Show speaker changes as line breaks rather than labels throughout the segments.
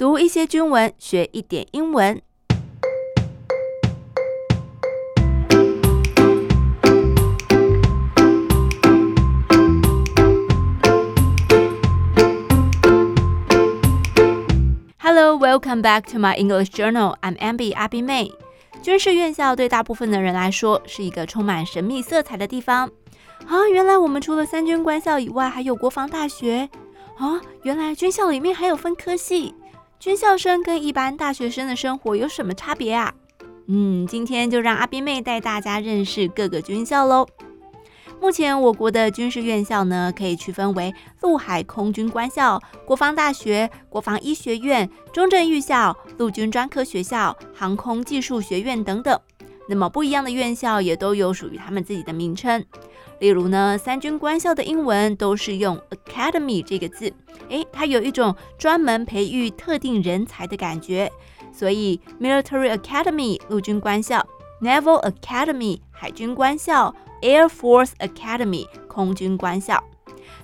讀一些軍文，學一點英文。Hello, welcome back to my English journal. I'm Abby，Ab 阿兵妹。軍事院校對大部分的人來說是一個充滿神秘色彩的地方。啊、哦，原來我們除了三軍官校以外，還有國防大學。啊、哦，原來軍校裡面還有分科系。軍校生跟一般大學生的生活有什麼差別啊？嗯，今天就讓阿兵妹帶大家認識各個軍校嘍。目前我國的軍事院校呢，可以區分為陸海空軍官校、國防大學、國防醫學院、中正預校、陸軍專科學校、航空技術學院等等。那麼不一樣的院校也都有屬於他們自己的名稱。例如呢，三軍官校的英文都是用 academy 這個字，誒，它有一種專門培育特定人才的感覺，所以 military academy 陸軍官校，naval academy 海軍官校，air force academy 空軍官校。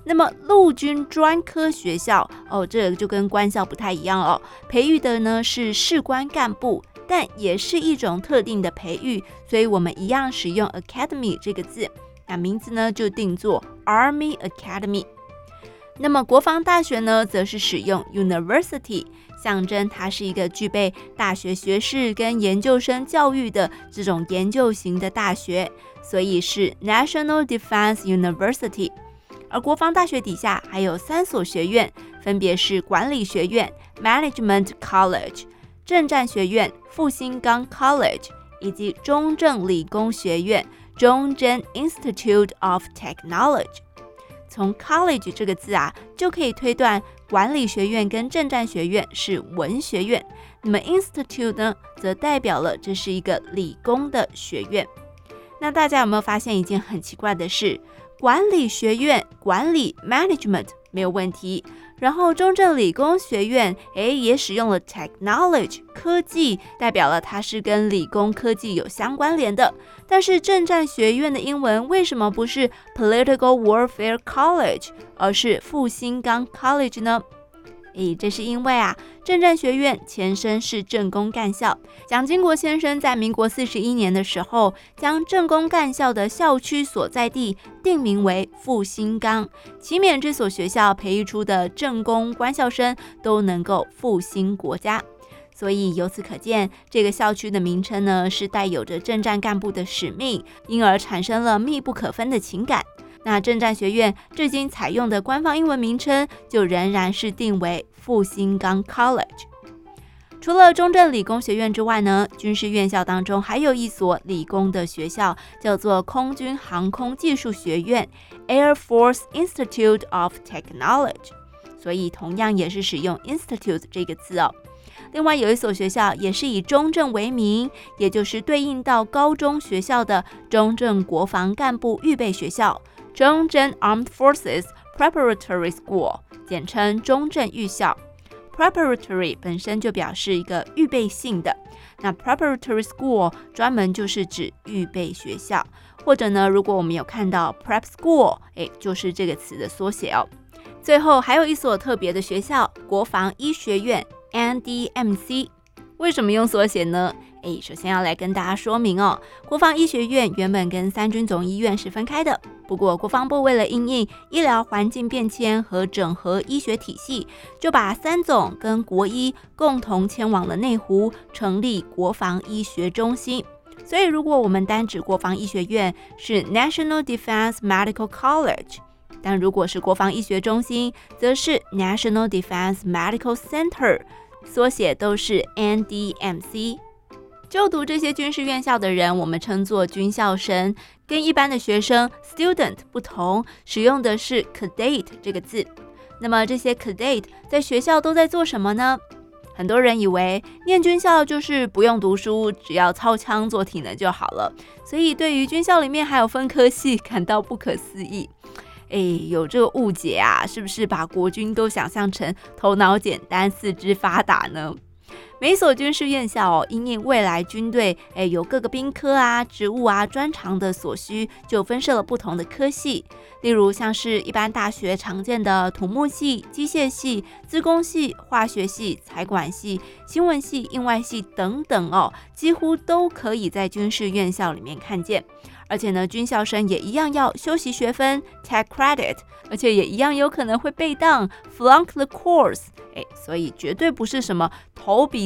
那麼陸軍專科學校哦，這個就跟官校不太一樣哦，培育的呢是士官幹部，但也是一種特定的培育，所以我們一樣使用 academy 這個字。那名字呢就定做 Army Academy，那麼國防大學呢，則是使用 University，象徵它是一個具備大學學士跟研究生教育的這種研究型的大學，所以是 National Defense University。而國防大學底下還有三所學院，分別是管理學院 Management College、政戰學院復興崗 College 以及中正理工學院。中正 Institute of Technology，從 College 這個字啊，就可以推斷管理學院跟政戰學院是文學院，那麼 Institute 呢，則代表了這是一個理工的學院。那大家有沒有發現一件很奇怪的事？管理學院管理 Management。沒有問題。然後中正理工學院，哎，也使用了 technology 科技，代表了它是跟理工科技有相關聯的。但是政戰學院的英文為什麼不是 political warfare college，而是復興崗 college 呢？誒，這是因為啊，政戰學院前身是政工幹校。蔣經國先生在民國四十一年的時候，將政工幹校的校區所在地定名為“復興崗”，期勉這所學校培育出的政工官校生都能夠復興國家。所以由此可見，這個校區的名稱呢，是帶有着政戰幹部的使命，因而產生了密不可分的情感。那政戰學院至今採用的官方英文名稱就仍然是定為“復興崗 College”。除了中正理工學院之外呢，軍事院校當中還有一所理工的學校叫做空軍航空技術學院 （Air Force Institute of Technology），所以同樣也是使用 “Institute” 這個字哦。另外有一所學校也是以中正為名，也就是對應到高中學校的中正國防幹部預備學校。中正 Armed Forces Preparatory School，簡稱中正預校。Preparatory 本身就表示一個預備性的，那 Preparatory School 專門就是指預備學校，或者呢，如果我們有看到 Prep School，哎，就是這個詞的縮寫哦。最後還有一所特別的學校，國防醫學院 NDMC，為什麼用縮寫呢？哎，首先要來跟大家說明哦，國防醫學院原本跟三軍總醫院是分開的。不過，國防部為了因應醫療環境變遷和整合醫學體系，就把三總跟國醫共同遷往了內湖，成立國防醫學中心。所以，如果我們單指國防醫學院是 National Defense Medical College，但如果是國防醫學中心，則是 National Defense Medical Center，縮寫都是 NDMC。就讀這些軍事院校的人，我們稱作軍校生，跟一般的學生 student 不同，使用的是 cadet 這個字。那麼這些 cadet 在學校都在做什麼呢？很多人以為念軍校就是不用讀書，只要操槍做體能就好了，所以對於軍校裡面還有分科系感到不可思議。誒，有這個誤解啊，是不是把國軍都想象成頭腦簡單、四肢發達呢？每所軍事院校哦，因應未來軍隊誒、哎、有各個兵科啊、職務啊、專長的所需，就分設了不同的科系。例如像是一般大學常見的土木系、機械系、資工系、化學系、財管系、新聞系、應外系等等哦，幾乎都可以在軍事院校裡面看見。而且呢，軍校生也一樣要修習學分 （take credit），而且也一樣有可能會被當 （flunk the course）、哎。誒，所以絕對不是什麼投筆。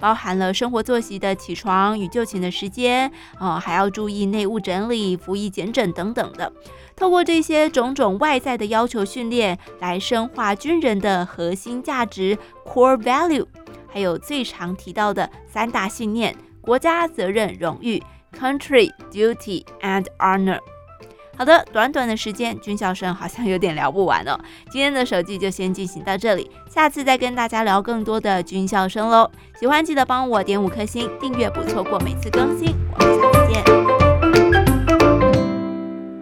包含了生活作息的起床與就寢的時間，哦，還要注意內務整理、服儀檢整等等的。透過這些種種外在的要求訓練，來深化軍人的核心價值 （core value），還有最常提到的三大信念：國家、責任、榮譽 （country, duty, and honor）。好的，短短的時間，軍校生好像有點聊不完哦。今天的手機就先進行到這裡，下次再跟大家聊更多的軍校生嘍。喜歡記得幫我點五顆星，訂閱不錯過每次更新。我們下